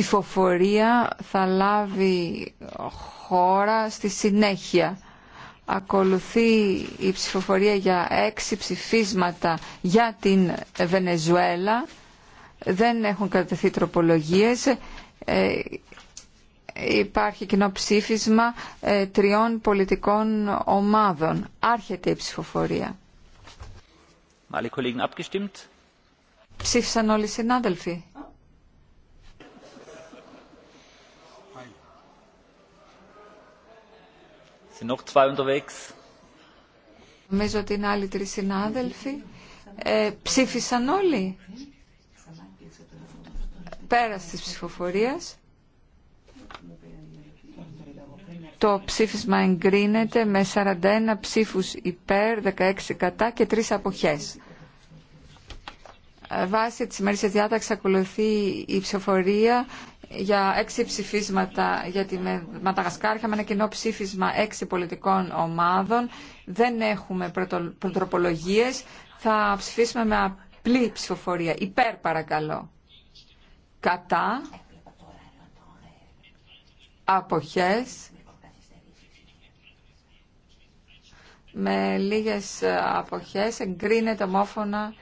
ψηφοφορία θα λάβει χώρα στη συνέχεια. Ακολουθεί η ψηφοφορία για έξι ψηφίσματα για την Βενεζουέλα. Δεν έχουν κατατεθεί τροπολογίες. Ε, υπάρχει κοινό ψήφισμα ε, τριών πολιτικών ομάδων. Άρχεται η ψηφοφορία. Ψήφισαν όλοι οι συνάδελφοι. Νομίζω ότι είναι άλλοι τρεις συνάδελφοι. Ε, ψήφισαν όλοι. Πέρα της ψηφοφορίας. Το ψήφισμα εγκρίνεται με 41 ψήφους υπέρ, 16 κατά και 3 αποχές. Ε, βάσει της ημερήσιας διάταξης ακολουθεί η ψηφοφορία για έξι ψηφίσματα για τη Ματαγασκάρ. με ένα κοινό ψήφισμα έξι πολιτικών ομάδων. Δεν έχουμε προτροπολογίε. Θα ψηφίσουμε με απλή ψηφοφορία. Υπέρ παρακαλώ. Κατά. Αποχές. Με λίγες αποχές εγκρίνεται ομόφωνα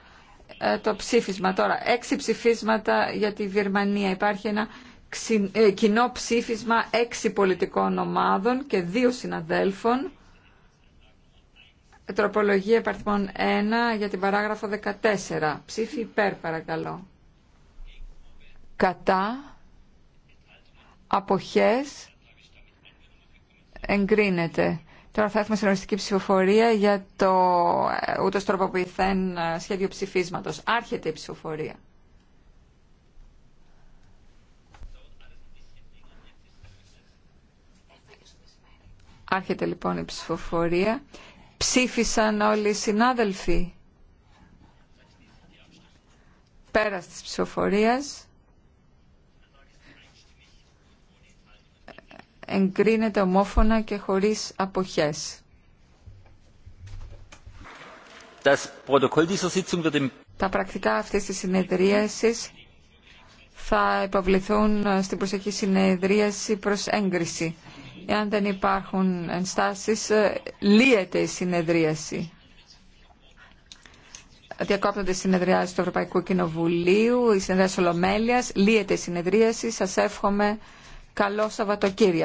ε, το ψήφισμα. Τώρα, έξι ψηφίσματα για τη Βυρμανία. Υπάρχει ένα ε, κοινό ψήφισμα έξι πολιτικών ομάδων και δύο συναδέλφων. Τροπολογία υπαρθμών 1 για την παράγραφο 14. Ψήφι υπέρ παρακαλώ. Κατά. Αποχές. Εγκρίνεται. Τώρα θα έχουμε συνολιστική ψηφοφορία για το ε, ούτως τροποποιηθέν ε, σχέδιο ψηφίσματος. Άρχεται η ψηφοφορία. Άρχεται λοιπόν η ψηφοφορία. Ψήφισαν όλοι οι συνάδελφοι. Πέρας της ψηφοφορίας εγκρίνεται ομόφωνα και χωρίς αποχές. Τα πρακτικά αυτής της συνεδρίασης θα υποβληθούν στην προσεχή συνεδρίαση προς έγκριση. Εάν δεν υπάρχουν ενστάσεις, ε, λύεται η συνεδρίαση. Διακόπτονται οι συνεδριάσεις του Ευρωπαϊκού Κοινοβουλίου, η συνεδρίαση Ολομέλειας, λύεται η συνεδρίαση. Σας εύχομαι καλό Σαββατοκύριακο.